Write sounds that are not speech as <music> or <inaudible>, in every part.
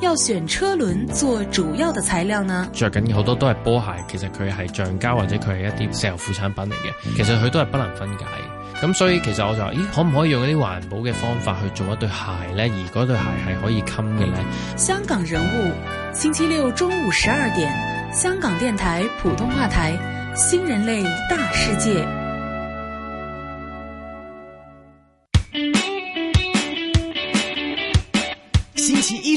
要選車輪做主要的材料呢？着緊好多都係波鞋。其實佢係橡膠或者佢係一啲石油副產品嚟嘅。其實佢都係不能分解。咁所以其實我就話，咦，可唔可以用一啲環保嘅方法去做一對鞋咧？而嗰對鞋係可以襟嘅咧？香港人物，星期六中午十二點，香港電台普通話台，新人類大世界。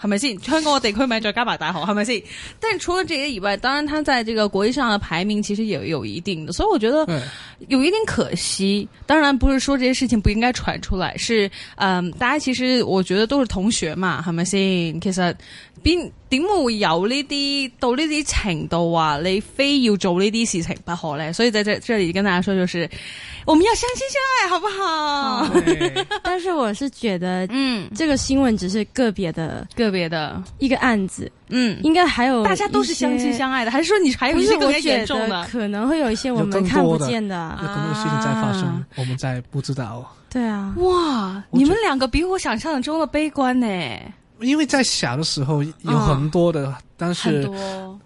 係咪先？香港嘅地區名再加埋大學係咪先？但除了這些以外，當然，佢喺呢個國際上嘅排名其實也有一定的，所以我覺得有一點可惜。當然，不是說這些事情不應該傳出來，是，嗯、呃，大家其實我覺得都是同學嘛，係咪先？其實 i 點會有呢啲到呢啲程度啊，你非要做呢啲事情不可咧？所以在這這裏跟大家說就是我們要相親相愛，好不好？哦、 <laughs> 但是我是覺得，嗯，這個新聞只是個別的個別的一個案子，嗯，應該還有大家都是相親相愛的，還是說你還有一些選中呢可能會有一些我們，我們看不見的，有更多的，啊，有更多事情在發生，我們在不知道。對啊，哇，你們兩個比我想象中的悲觀呢。因為在小的時候有很多的，啊、但是多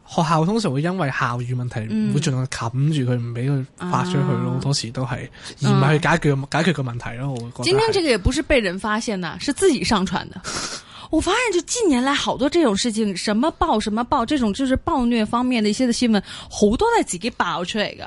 學校通常會因為校譽問題、嗯、會盡量冚住佢，唔俾佢發出去咯。啊、好多時都係而唔係去解決、啊、解決個問題咯。我覺得今天這個也不是被人發現的，是自己上傳的。 <laughs> 我發現就近年來好多這種事情，什麼暴什麼暴，這種就是暴虐方面的一些的新聞，好多都係自己爆出嚟㗎。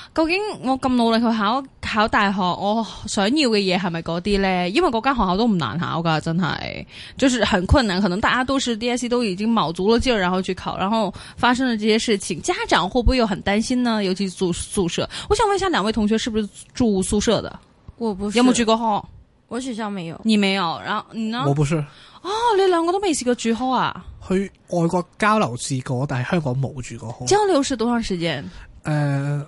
究竟我咁努力去考考大學，我想要嘅嘢係咪嗰啲呢？因為嗰間學校都唔難考㗎，真係，就是很困難。可能大家都是 DSE，都已經卯足了勁，然後去考，然後發生了這些事情，家長會不會又很擔心呢？尤其住宿舍，我想問一下兩位同學，是不是住宿舍的？我不是，有冇有住過學？我學校沒有，你沒有，然後你呢？我不是。哦、啊，你兩個都冇住過學啊？去外國交流試過，但係香港冇住過學。交流是多長時間？誒、呃。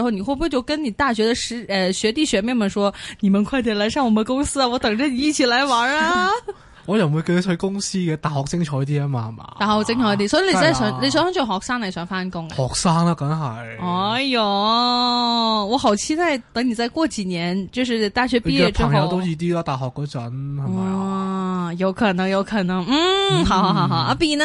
然後你會不會就跟你大學的師呃學弟學妹們說，你們快點來上我們公司啊！我等着你一起來玩啊！ <laughs> 我又唔記得去公司嘅大學精彩啲啊嘛，係嘛？大學精彩啲、啊，所以你在想、啊、你想做學生定想翻工？學生啦、啊，梗係。哎喲我好期待，等你再過幾年，就是大學畢業之後，朋友都易啲啦，大學嗰陣係咪啊？有可能，有可能。嗯，好，好，好，好，好，好。阿 B 呢？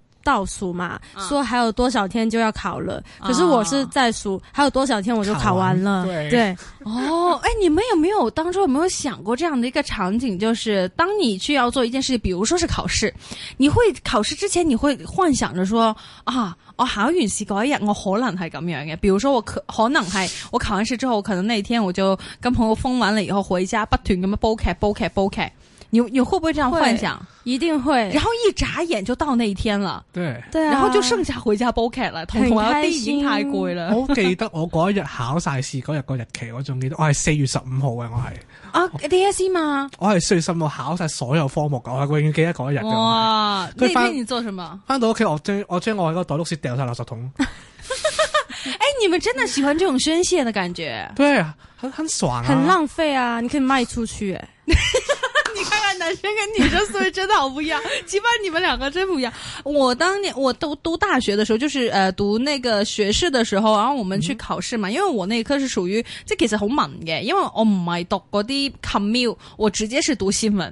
倒數嘛，說還有多少天就要考了。啊，可是我是在數還有多少天我就考完了。完對，對，哦，哎，你們有沒有當初有沒有想過這樣的一個場景？就是當你去要做一件事情，比如說是考試，你會考試之前你會幻想着說啊，我考完試嗰一日我可能係咁樣嘅，比如說我可可能係我考完試之後可能那一天我就跟朋友瘋完了，以後回家不斷咁樣煲劇煲劇煲劇。你你會不會這樣幻想？一定會。然後一眨眼就到那一天了。對對。然後就剩下回家包 K 了，統統要已經太國了。好記得我嗰一日考晒試嗰日個日期，我仲記得，我係四月十五號嘅，我係啊 D S C 嘛。我係四月十五考晒所有科目，我係永遠記得嗰一日嘅。哇！那天你做什麼？翻到屋企，我我將我喺個袋碌屎掉晒垃圾桶。哎、 <laughs> 欸，你們真的喜歡這種宣泄的感覺？ <laughs> 對啊，很很爽啊，很浪費啊！你可以賣出去、欸 <laughs> 男生跟女生思維真的好不一樣，起 <laughs> 碼你們兩個真不一樣。我當年我都讀，讀大學的時候，就是呃讀那個學士的時候，然後我們去考試嘛，嗯、因為我那一科是屬於這其實好文的，因為、oh、God, 我唔係讀嗰啲 commute，我直接是讀新聞。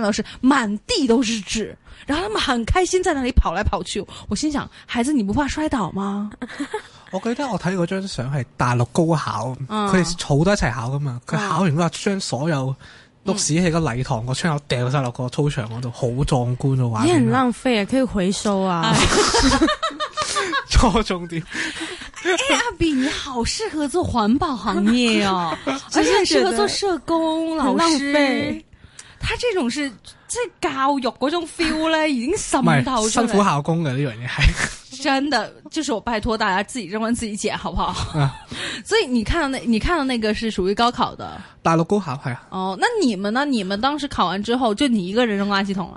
老師滿地都是紙，然後他們很開心在那裏跑來跑去。我心想：孩子，你不怕摔倒嗎？ <laughs> 我記得我睇過張相，係大陸高考，佢哋好多一齊考噶嘛。佢考完話將所有歷史喺個禮堂個窗口掉晒落個操場嗰度，好、嗯、壯觀啊！玩，你也很浪費啊，可以回收啊。錯重點，哎、 <laughs> <laughs> <laughs> <laughs> 欸，阿 B 你好適合做環保行業哦， <laughs> 而且很適合做社工老師。他這種是即係教育嗰種 feel 咧，已經滲透出嚟。辛苦考工嘅呢樣嘢係，真的，就是我拜託大家自己認為自己解好唔好？所以你看到那，你看到那個是屬於高考的大陸高，大陸高考係啊。哦，那你們呢？你們當時考完之後，就你一個人扔垃圾桶了，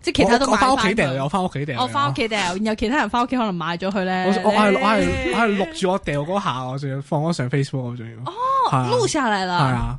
即其他都翻屋企掉，我翻屋企掉。我翻屋企掉，然後其他人翻屋企可能買咗佢咧。我我係我係我係錄住我掉嗰下，我仲要放我上 Facebook，我仲要。哦，錄、啊、下來啦。係啊。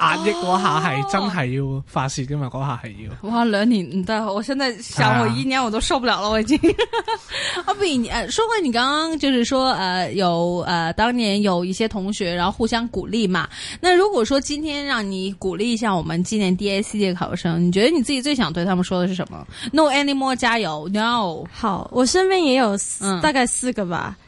壓抑嗰下係真係要發泄嘅嘛，嗰下係要。哇，兩年唔得，我現在想我一年、啊、我都受不了啦，我已經 <laughs> 啊比。啊，不如你，說回你剛剛就是說，呃，有，呃當年有一些同學，然後互相鼓勵嘛。那如果說今天讓你鼓勵一下我們今年 D A C 嘅考生，你覺得你自己最想對他們說的是什麼？No anymore，加油！No，好，我身邊也有四、嗯，大概四個吧。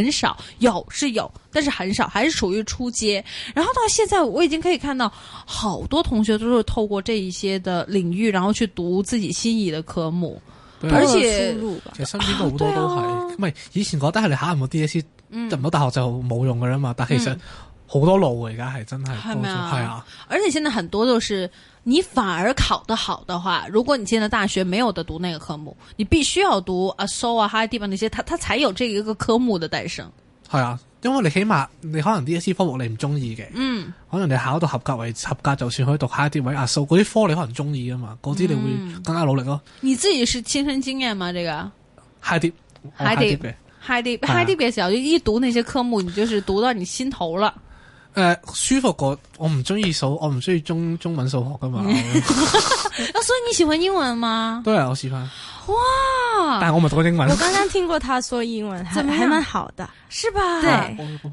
很少有是有，但是很少，還是屬於初階。然後到現在，我已經可以看到好多同學都是透過這一些的領域，然後去讀自己心儀的科目，而且其實輸入對啊，唔係、啊啊、以前覺得係你考唔到 DSE，入唔到大學就冇用噶啦嘛、嗯。但其實好、嗯、多路是多，而家係真係係啊，而且現在很多都是。你反而考得好的話，如果你進了大學沒有得讀那個科目，你必須要讀、Asso，啊 Asso 啊 High D 那些，他他才有這一個科目的誕生。係啊，因為你起碼你可能 DSE 科目你唔中意嘅，嗯，可能你考到合格為合格就算可以讀 High Dip 啊 Asso，嗰啲科你可能中意噶嘛，嗰啲你會更加努力咯、嗯。你自己是親身經驗嗎？這個 High D High High Deep, High D 比較，一讀那些科目，你就是讀到你心頭了。舒服過，我唔中意數，我唔中意中中文數學㗎嘛，所以 <laughs> <laughs> <laughs> <laughs> 你喜歡英文嗎？都係我喜歡。哇、wow！但係我咪讀過英文。 <laughs> 我剛剛聽過他說英文，怎麼還蠻好的，是吧？對。 <laughs> 對。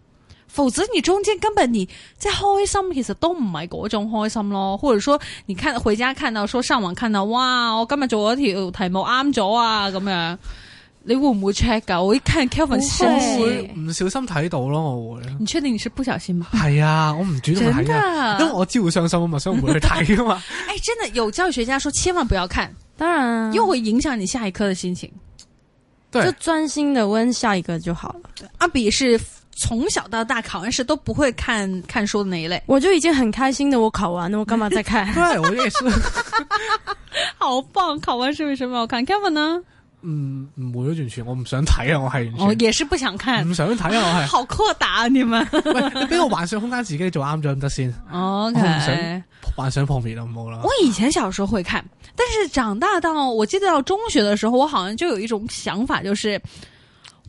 否則你中間根本你在開心其實都唔係嗰種開心咯，或者說，你看回家看到說上網看到哇，我今日做咗條題目啱咗啊咁樣，你會唔會 check 噶？我一看 Kevin，、哦、會唔小心睇到咯，我會。你確定你是不小心嗎？係啊，我唔主動睇啊，因為我知會傷心啊嘛，所以唔會去睇噶嘛。 <laughs> 哎，真的有教育學家說，千萬不要看，當然又會影響你下一科的心情，對，就專心的溫下一個就好了。阿比是從小到大考完試都不會看看書的那一類，我就已經很開心的。我考完了，那我幹嘛再看？對，我也是。好棒！考完試為什麼要看？Kevin 呢？嗯，沒有完全，我唔想睇啊，我係。我、哦、也是不想看，唔想睇啊，我係 <laughs> 好闊達啊，你們！ <laughs> 喂，你俾我幻想空間，自己做啱咗得先。OK。 <laughs> 我不想幻想方面就好啦。我以前小時候會看，但是長大到我記得到中學的時候，我好像就有一種想法，就是。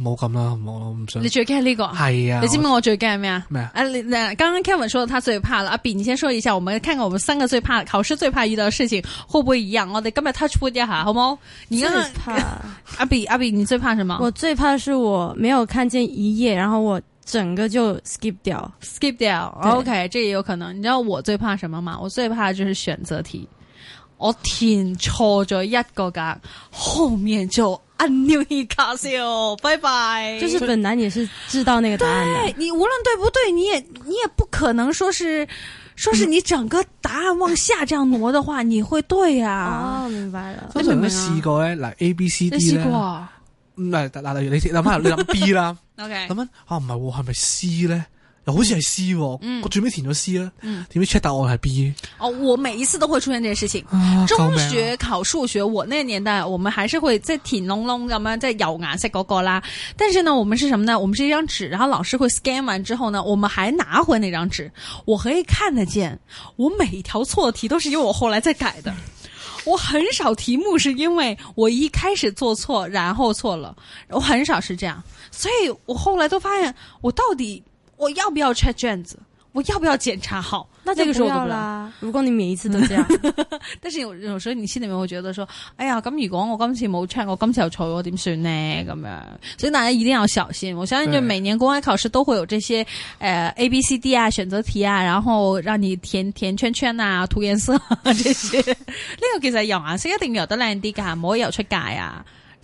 冇咁啦，冇啦，我唔想。你最驚呢個？係啊。你知唔知我最驚咩啊？咩啊？誒，你嗱，剛剛 Kevin 說他最怕啦，阿 B，你先說一下，我們看看我們三個最怕考試最怕遇到的事情會不會一樣？我哋根本 touch wood 一下，好唔好？最怕。阿 B，阿 B，你最怕什麼？我最怕是我沒有看見一頁，然後我整個就 skip 掉，skip 掉。OK，這也有可能。你知道我最怕什麼嗎？我最怕就是選擇題，我填錯咗一個格，後面就。按鈕一卡死哦，拜拜！就是本來你是知道那個答案對你無論對不對，你也你也不可能說是，說是你整個答案往下這樣挪的話，你會對啊、哦、明白了。有冇試過咧？嗱、欸、，A B, C, D,、啊、B、C、D 試過。嗱，嗱，例如你諗下，你諗 B 啦。O <laughs> K。咁樣啊？唔、啊、係，係咪、哦、C 咧？好似係 C，哦，嗯，最 C 嗯，我最尾填咗 C 啦，點解 check 答案係 B？哦，我每一次都會出現呢件事情，啊。中學考數學、啊，我那年代，我們還是會再填窿窿，咁樣再咬牙再搞搞啦。但是呢，我們是什麼呢？我們是一張紙，然後老師會 scan 完之後呢，我們還拿回那張紙，我可以看得見，我每一條錯題都是因為我後來再改的。我很少題目是因為我一開始做錯，然後錯了，我很少是這樣，所以我後來都發現我到底。我要不要 check 卷子？我要不要檢查好？那這個時候都啦。如果你每一次都這樣， <laughs> 但是有有時候你心裏面會覺得說，哎呀，咁如果我今次冇 check，我今次又錯咗，點算呢？咁樣、嗯，所以大家一定要小心。我相信就每年公開考試都會有這些誒、呃、A B C D 啊選擇題啊，然後讓你填填圈圈啊塗顏色、啊、這些。那個其實有啊，色，一定有得靚啲噶，冇有出界啊。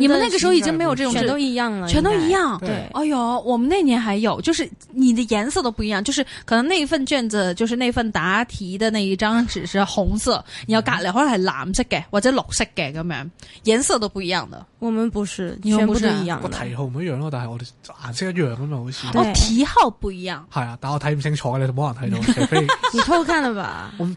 你們那個時候已經沒有這種卷都一樣了，全都一樣。對，哎呦，我們那年還有，就是你的顏色都不一樣，就是可能那一份卷子，就是那份答題的那一張紙是紅色，你要隔籬可能是藍色的或者綠色的咁樣，顏色都不一樣的。我們不是，你全不是，啊，一樣。我題號唔一樣咯，但係我哋顏色一樣咁啊，好似。哦，題號不一樣。係啊，但我睇唔清楚嘅，你就冇可能睇到。 <laughs> 你偷看了吧？ <laughs>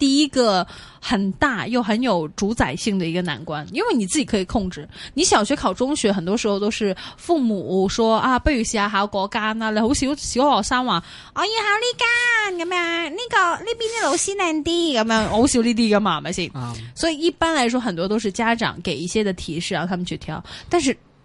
第一個很大又很有主宰性的一個難關，因為你自己可以控制。你小學考中學，很多時候都是父母說、嗯、啊，不如試下考嗰間啦。你好少小學生話，我要考呢間，咁樣呢、這個呢邊啲老師靚啲，咁樣、嗯、我好少呢啲㗎嘛，係咪先？所以一般來說，很多都是家長給一些的提示，讓他們去挑。但是。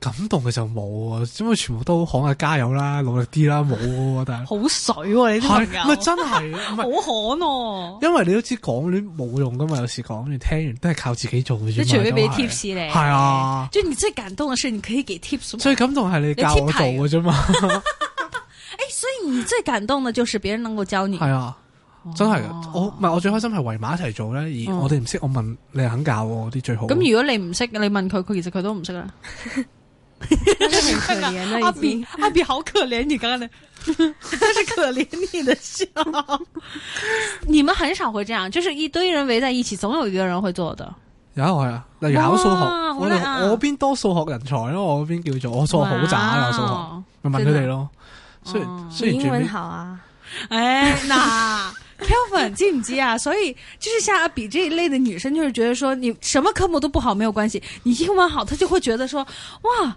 感動嘅就冇，啊，咁佢全部都喊啊，加油啦，努力啲啦，冇但係。好水喎，你啲人。係咪真係？ <laughs> 不是 <laughs> 好汗哦！因為你都知講完冇用噶嘛，有時講完聽完都係靠自己做嘅啫。你除非俾 tips 你。係啊。即係你最感動嘅事，你可以給 tips。所以感動係你教我做嘅啫嘛。誒，所以你最感動嘅、 <laughs> <laughs> <laughs> 欸、就係別人能夠教你。係啊，哦、真係噶，我唔係我最開心係圍埋一齊做咧，而我哋唔識，我問你肯教我啲、嗯、最好。咁如果你唔識，你問佢，佢其實佢都唔識啦。 <laughs> 就 <laughs> <laughs> 阿比 <laughs> 阿比好可憐，你剛剛的，他是可憐你的笑。 <laughs> 你們很少會這樣，就是一堆人圍在一起，總有一個人會做的。有啊，例如考數學，我好、啊、我，我邊多數學人才，因為我邊叫做我數學好渣啊，數學，咪問佢哋咯。雖然雖然英文好啊， <laughs> 哎，那 Kelvin <laughs> 知唔知啊？所以就是像阿比這一類的女生，就是覺得說你什麼科目都不好沒有關係，你英文好，她就會覺得說哇。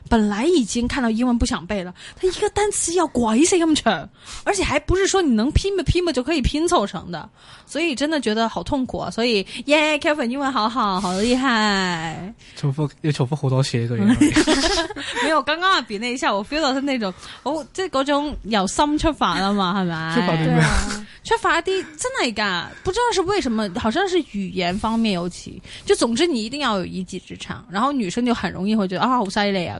本來已經看到英文不想背了，他一個單詞要拐一些音程，而且還不是說你能拼不拼吧就可以拼湊成的，所以真的覺得好痛苦啊！所以耶，Kevin 英文好好，好厲害！重複要重複好多次，對嗎、啊？ <laughs> 沒有，剛剛比那一下，我 feel 到是那種，哦，即係嗰種有心出發了嘛，係咪、啊？出發啲，出發啲，真係噶！不知道是為什麼，好像是語言方面尤其，就總之你一定要有一技之長，然後女生就很容易會覺得啊好犀利啊，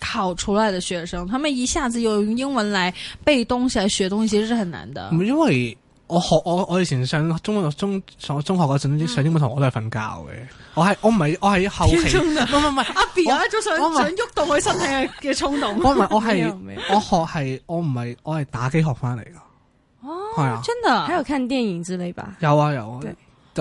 考出來的學生，他們一下子又用英文來背東西、學東西，其實是很難的。因為我學我我以前上中文中上中學嗰陣上英文堂，我都係瞓覺嘅。我係我唔係我係後期的，唔唔唔，阿 B 有一種想想喐動佢身體嘅衝動。我唔係我係我學係我唔係我係打機學翻嚟噶。哦，係啊，真的，還有看電影之類吧？有啊有啊。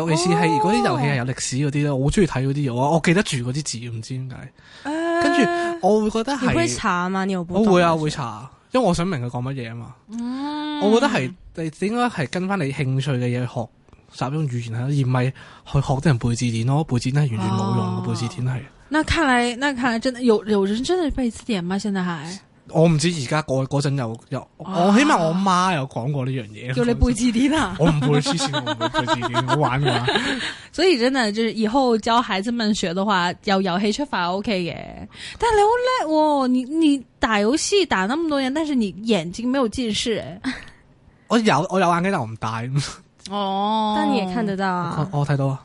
尤其是係嗰啲遊戲係有歷史嗰啲咧，我好中意睇嗰啲嘢，我我記得住嗰啲字，唔知點解，欸。跟住我會覺得係，我會啊，我會查，因為我想明佢講乜嘢啊嘛，嗯。我覺得係你應該係跟翻你興趣嘅嘢學，習中種語言啊，而唔係去學啲人背字典咯。背字典係完全冇用嘅，哦，背字典係。那看來，那看來，真係有有人真係背字典嗎？現在係？我唔知而家過嗰陣有有、啊，我起碼我媽有講過呢樣嘢。叫你背字典啊！我唔背字典，我唔背字典，好 <laughs> 玩嘅嘛。 <laughs> 所以真係，就係以後教孩子們學嘅話，要由遊戲出發 OK 嘅。但係你好叻，我、哦、你你打遊戲打咁多年，但是你眼睛沒有近視誒 <laughs> 我有我有眼鏡，但我唔戴。哦， <laughs> 但你也看得到啊？我睇到啊。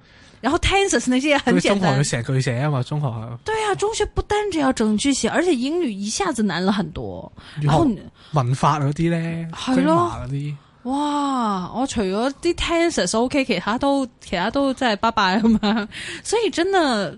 然後 tenses 那些也很簡單。中學成句寫嘛，中學。對啊，中學不單只要整句寫，而且英語一下子難了很多。何然後文化嗰啲咧，係咯嗰啲。哇，我除咗啲 tenses OK，其他都其他都真係拜拜呀嘛。所以真的。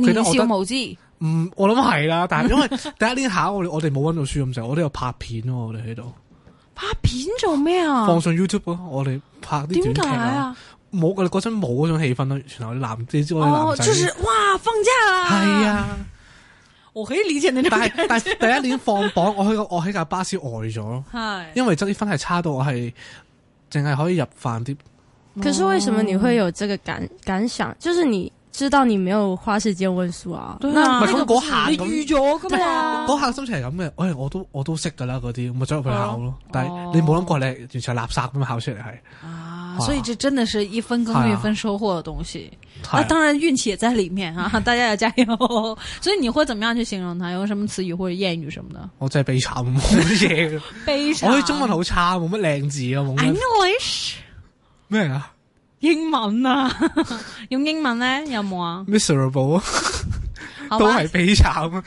面笑無知，嗯，我諗係啦，但係因為第一年考我哋我哋冇溫到書咁成 <laughs> 我哋又拍片咯、啊，我哋喺度拍片做咩啊？放上 YouTube 咯、啊，我哋拍啲短劇啊！冇，我哋嗰陣冇嗰種氣氛咯、啊，全係男仔之外，男、哦、仔、就是。哇！放假啦，係啊！我可以理解你但係但係第一年放榜，我去我喺架巴士呆咗，係 <laughs> 因為績啲分係差到我係淨係可以入飯啲。可是為什麼你會有這個感、哦、感想？就是你。知道你沒有花時間溫書啊？對，係嗰下預咗噶嘛？嗰、那個啊、下心情係咁嘅，哎，我都我都識噶啦，嗰啲咪走入去考咯，啊。但係你冇諗過，你完全係垃圾咁考出嚟係。啊，所以這真的是一分耕耘一分收穫的東西。啊，當然運氣也在裏面啊，啊，大家要加油。 <laughs> 所以你會怎麼樣去形容他有什麼詞語或者諺語什麼的？我真係悲慘，冇乜嘢。悲慘，我啲中文好差，冇乜靚字啊，冇。English 咩啊？英文啊， <laughs> 用英文呢？有冇啊？Miserable， <laughs> 都係悲慘。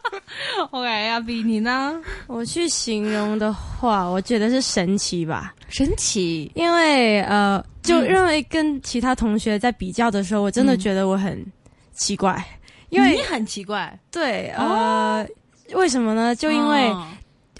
<laughs> OK，阿 B，你呢？我去形容的話，我覺得是神奇吧，神奇。因為，呃，就認為跟其他同學在比較的時候，我真的覺得我很奇怪，嗯、因為你很奇怪。對，呃、哦，為什麼呢？就因為。哦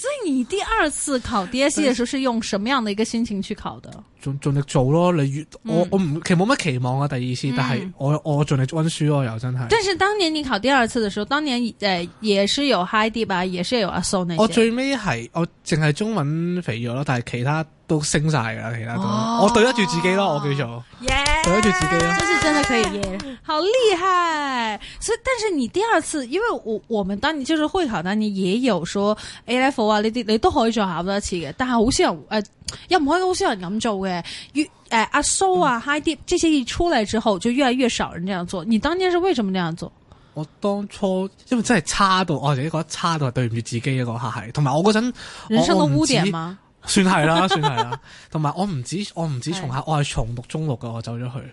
所以你第二次考 DSE 的時候，是用什麼樣的一個心情去考的？盡盡力做咯，你越我我唔其實冇乜期望啊。第二次，但係我我盡力溫書咯，又真係。但是當年你考第二次的時候，當年誒也是有 High D 吧，也是有阿 Sir 那些。我最尾係我淨係中文肥咗咯，但係其他。都升晒啦，其他都、哦、我對得住自己咯，我叫做對得住自己咯，真、就是真的可以，耶，好厲害！所以，但是你第二次，因為我我們當年就是會考，當年也有說 A Level 啊呢啲，你都可以做下好多次嘅。但係好少人誒，又唔可以好少人咁做嘅。越、呃、誒阿蘇啊 High D、嗯、這些一出來之後，就越來越少人這樣做。你當年是為什麼這樣做？我當初因為真係差到我自己覺得差到係對唔住自己一個吓，係同埋我嗰陣人生嘅污點嗎？算係啦、啊， <laughs> 算係是啦、啊。同 <laughs> 埋我唔止，我唔止重考，我係重讀中六噶，我走咗去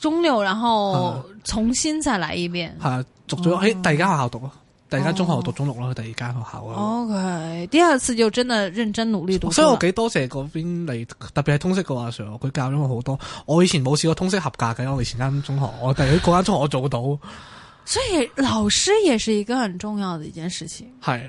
中六，然後重新再來一遍。係、啊，讀咗喺第二間學校讀咯，第二間中學讀中六咯、哦，第二間學校。OK，哦、第二次就真係認真努力讀。所以我幾多謝嗰邊嚟，特別係通識個阿 Sir，佢教咗我好多。我以前冇試過通識合格嘅，我以前間中學，我第二間中學我做到。 <laughs> 所以老師也是一個很重要的一件事情。係。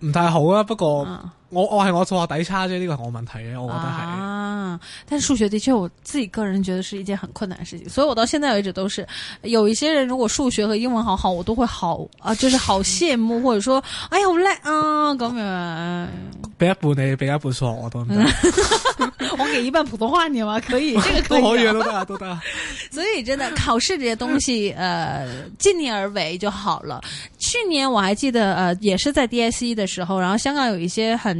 唔太好啊，不過，啊我我係我數學底差啫，呢個係我問題嘅，啊，我覺得係。啊，但數學的確我自己個人覺得是一件很困難嘅事情，所以我到現在一直都係，有一些人如果數學和英文好好，我都會好啊，就是好羨慕，或者說，哎呀，好叻啊，咁樣，俾一半，你，俾一半，數學我都， <laughs> <laughs> 我給一半普通話你嘛，可以，這個可以。都得。都得，所以真的考試這些東西，呃，盡力而為就好了。去年我還記得，呃，也是在 DSE 的時候，然後香港有一些很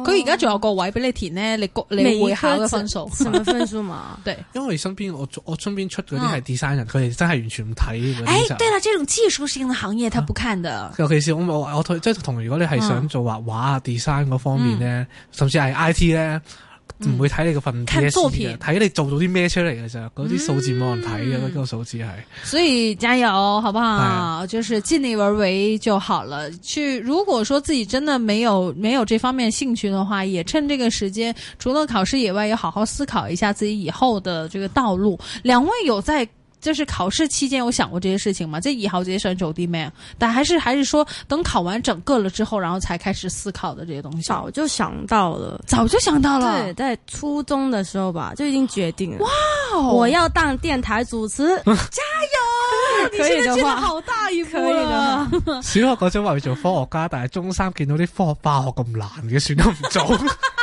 佢而家仲有個位俾你填咧，你個你會考嘅分數，麼、哦、分，分數嘛？ <laughs> 對，因為身邊我我身邊出嗰啲係 design 人，佢、嗯、哋真係完全唔睇。哎、欸，對啦，呢種技術性嘅行業，他不看嘅。啊、尤其是我我我同即係同，如果你係想做畫畫啊 design 嗰方面咧，甚至係 IT 咧。唔會睇你個份，睇你做到啲咩出嚟嘅咋？嗰啲數字冇人睇嘅，嗰啲數字係。所以加油，好不好？是就是盡力而為就好了。去，如果說自己真的沒有沒有這方面興趣嘅話，也趁這個時間，除了考試以外，也好好思考一下自己以後的這個道路。兩位有在？就是考試期間有想過這些事情嗎？這以後這些選手地沒有但還是還是說等考完整個了之後，然後才開始思考的這些東西。早就想到了，早就想到了。對，在初中的時候吧，就已經決定了。哇哦，我要當電台主持，啊、加油！ <laughs> 你真的鑽好大眼杯了。小學嗰陣話要做科學家，但係中三見到啲科學化學咁難嘅，算都唔做。 <laughs>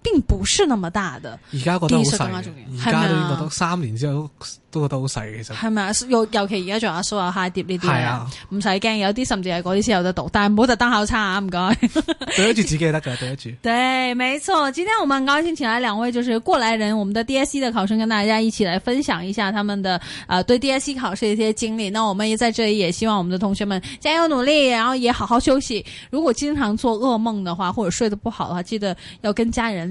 並不是那麼大的，而家覺得好細，而家都覺得三年之後都覺得好細其實。係咪啊，啊？尤尤其而家仲有 so h i g 跌呢啲，係 <laughs> 啊，唔使驚，有啲甚至係嗰啲先有得讀，但係唔好特登考差唔該。對得住自己得噶，對得住。對，沒錯，今天我們很高興請來兩位就是過來人，我們的 DSE 的考生，跟大家一起來分享一下他們的啊、呃、對 DSE 考試一些經歷。那我們也在這裏也希望我們的同學們加油努力，然後也好好休息。如果經常做噩夢的話，或者睡得不好的話，記得要跟家人。